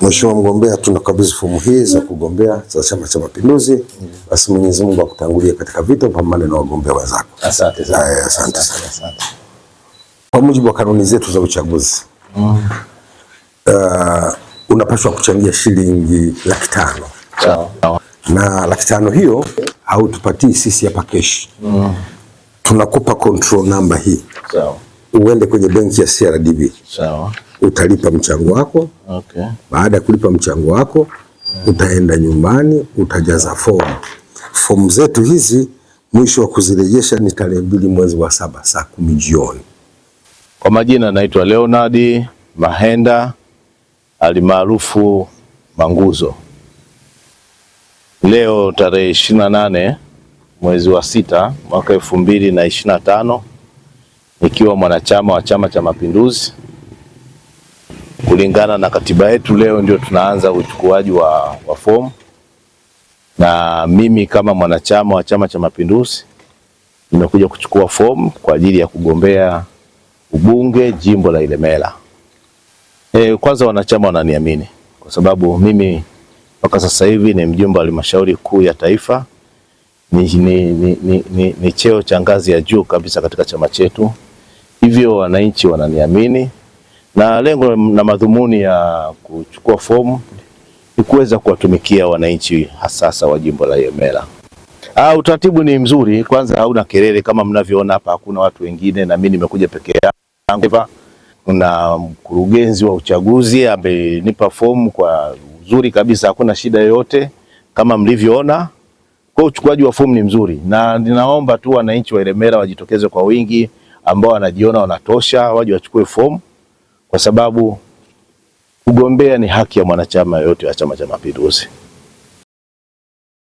Mheshimiwa mgombea, tunakabidhi fomu hii za kugombea za Chama cha Mapinduzi. Basi Mwenyezi Mungu akutangulie katika vita, pambane na wagombea wenzako. Asante sana. Asante, asante, Kwa mujibu wa kanuni zetu za uchaguzi mm. uh, unapaswa kuchangia shilingi laki tano na laki tano hiyo hautupatii sisi hapa keshi mm. tunakupa control number hii yeah. uende kwenye benki ya CRDB yeah utalipa mchango wako okay. Baada ya kulipa mchango wako yeah. Utaenda nyumbani utajaza fomu. Fomu zetu hizi mwisho wa kuzirejesha ni tarehe mbili mwezi wa saba saa kumi jioni. Kwa majina naitwa Leonard Mahenda alimaarufu Manguzo. Leo tarehe ishirini na nane mwezi wa sita mwaka elfu mbili na ishirini na tano nikiwa mwanachama wa Chama cha Mapinduzi kulingana na katiba yetu, leo ndio tunaanza uchukuaji wa, wa fomu, na mimi kama mwanachama wa Chama cha Mapinduzi nimekuja kuchukua fomu kwa ajili ya kugombea ubunge jimbo la Ilemela. E, kwanza wanachama wananiamini kwa sababu mimi mpaka sasa hivi ni mjumbe wa halmashauri kuu ya taifa. Ni, ni, ni, ni, ni, ni cheo cha ngazi ya juu kabisa katika chama chetu, hivyo wananchi wananiamini na lengo na madhumuni ya kuchukua fomu ni kuweza kuwatumikia wananchi hasasa wa jimbo la Ilemela. Ah, utaratibu ni mzuri, kwanza hauna kelele kama mnavyoona hapa, hakuna watu wengine na mimi nimekuja peke yangu. Kuna mkurugenzi wa uchaguzi amenipa fomu kwa uzuri kabisa, hakuna shida yoyote kama mlivyoona. Kwa uchukuaji wa fomu ni mzuri, na ninaomba tu wananchi wa Ilemela wajitokeze kwa wingi, ambao wanajiona wanatosha waje wachukue fomu kwa sababu kugombea ni haki ya mwanachama yoyote wa Chama cha Mapinduzi.